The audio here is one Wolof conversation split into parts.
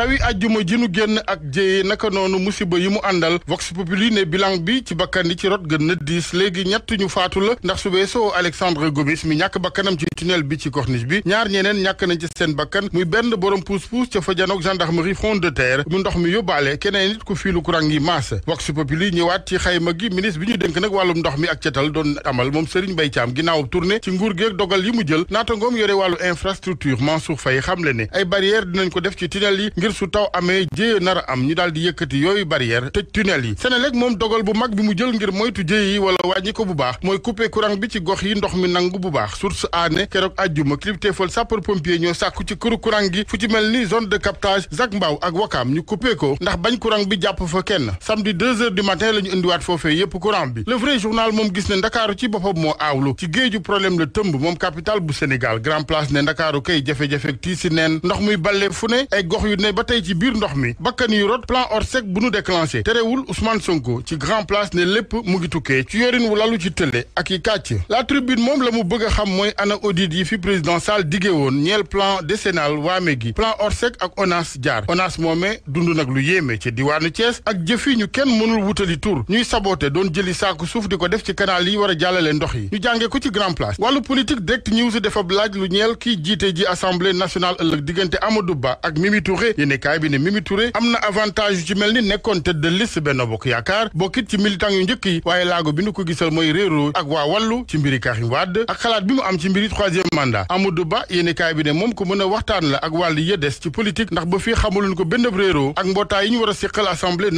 tawi ajjuma ji nu génn ak jéyee naka noonu musiba yi mu àndal vox populi ne bilan bi ci bakkan yi ci rot gën na diis léegi ñett ñu faatu la ndax su weesoo Alexandre Gomis mi ñàkk bakkanam ci tunnel bi ci corniche bi ñaar ñeneen ñàkk nañ ci seen bakkan muy benn borom puus-puus ca fa janook gendarmerie front de terre mu ndox mi yóbbaale keneen nit ku fiilu kurang yi maas vox populi ñëwaat ci xayma gi ministre bi ñu dénk nag wàllum ndox mi ak cetal doon amal moom Serigne Mbaye Thiam ginnaaw tournée ci nguur gi ak dogal yi mu jël naata ngoom yore wàllu infrastructure Mansour Faye xamle ne ay barrière dinañ ko def ci ngir su taw amee jéye nar a am ñu daal di yëkkati yooyu barrière tëj tunnel yi Senelec moom dogal bu mag bi mu jël ngir moytu jéye wala wàññi ko bu baax mooy couper courant bi ci gox yi ndox mi nangu bu baax source aane keroog àjjuma kilifteefal sapeur pompier ñoo sàkku ci këru gi fu ci mel ni zone de captage Zac Mbao ak Wakaam ñu couper ko ndax bañ courant bi jàpp fa kenn samedi deux heures du matin la ñu indiwaat foofee yépp courant bi le vrai journal moom gis ne ndakaaru ci boppam moo aawlu ci géeju problème la tëmb moom capital bu Sénégal grand place ba tey ci biir ndox mi bakkan yu rot plan Orsec bu nu déclenché terewul Ousmane Sonko ci grand place ne lépp mu ngi tukkee ci yorin wu lalu ci tëlle ak yi kàcc la tribune moom la mu bëgg xam mooy ana audit yi fi président Sall diggee woon ñeel plan décennal waame gi plan Orsec ak ONAS jaar ONAS moomee dund nag lu yéeme ci diwaanu Thiès ak jëfi ñu kenn mënul wutali tur ñuy saboté doon jëli saaku suuf di ko def ci canal yi war a jàllale ndox yi ñu jàngee ko ci grand place wàllu politique direct news dafa laaj lu ñeel kiy jiite ji assemblée nationale ëllëg diggante Amadou ak Mimi yéene kaay bi ne Mimi Touré am na avantage yu ci mel ni nekkoon tête de liste Benno Bokk Yaakaar bokkit ci militant yu njëkk yi waaye laago bi nu ko gisal mooy réeroo ak waa wàllu ci mbiri Karim xalaat bi mu am ci mbiri troisième mandat Amadou Ba yéene bi ne moom ko mën a waxtaan la ak wàll ya ci politique ndax ba fii xamuluñ ko benn réeroo ak mbootaay yi ñu war a séqal assemblée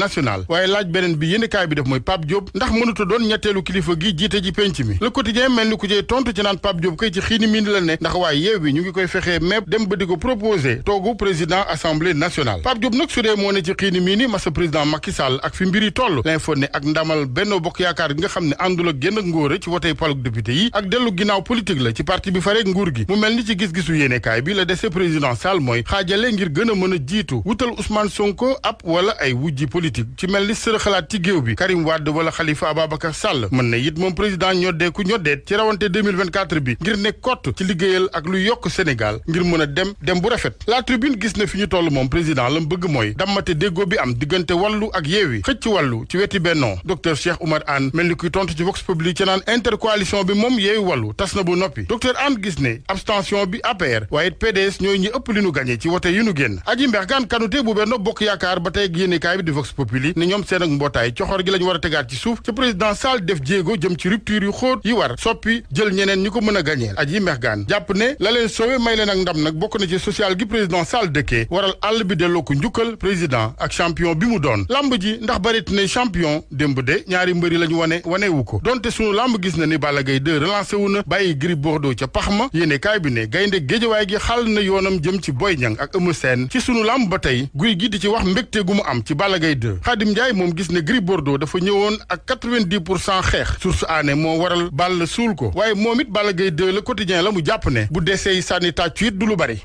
waaye laaj beneen bi yéene kaay bi def mooy Pape Diop ndax mënuta doon ñetteelu kilifa gi jiite ji penc mi le quotidien mel ni ku jey tontu ci naan Pape Diop koy ci xiini miin la ne ndax waaye yeew bi ñu ngi koy fexee mépp dem ba di ko proposé toogu président assemblée assemblée nationale Pape Diop nag su dee moo ne ci xiini mii ni masa président Macky Sall ak fi mbiri toll l'info ne ak ndamal Benno Bokk Yaakaar gi nga xam ne àndul ak génn ci wotey palug député yi ak dellu ginnaaw politique la ci parti bi fareeg nguur gi mu mel ni ci gis-gisu yéenekaay bi la dese président Sall mooy xaajale ngir gën a a jiitu wutal Ousmane Sonko ab wala ay wujji politique ci mel ni sër xalaat ci géew bi Karim Wade wala Khalifa Ababacar Sall mën ngir ne kott a dem dem bu rafet la moom président la mu bëgg mooy dammate déggoo bi am diggante wàllu ak yeewi xëcc wàllu ci weti bennoo docteur Cheikh Oumar Anne mel ni kuy tontu ci vox publique ca naan intercoalition bi moom yeewi wàllu tas na bu noppi docteur Anne gis ne abstention bi APR waaye PDS ñooy ñi ëpp li nu gañe ci wote yu nu génn aji mbeex gaan kanute bu benno bokk yaakaar ba tey yéenekaay bi di vox populi ne ñoom seen ak mbootaay coxor gi lañu war a tegaat ci suuf ci président ñi ko mën a gañeel aji mbeex gaan jàpp ne la leen soowe may leen nag bokk na ci gi président Sall àll bi delloo ko njukkal président ak champion bi mu doon lamb ji ndax bëreeti ne champion démb de ñaari mbëri la ñu wane wanewu ko donte sunu lamb gis na ni Balla gay 2 relancé wu na bàyyi Gris Bordeaux ca pax ma yéene kaay bi ne gaynde géejawaay gi xàll na yoonam jëm ci Boy Niang ak Eumeu ci sunu làmb ba tey guy gi di ci wax mbégte mu am ci Balla gay 2 Xaadim Njaay moom gis ne Gris Bordeaux dafa ñëwoon ak 90 pour cent xeex source aané moo waral Balla suul ko waaye moom it Balla Gaye 2 le quotidien la mu jàpp ne bu desee sànni tàccu du lu bari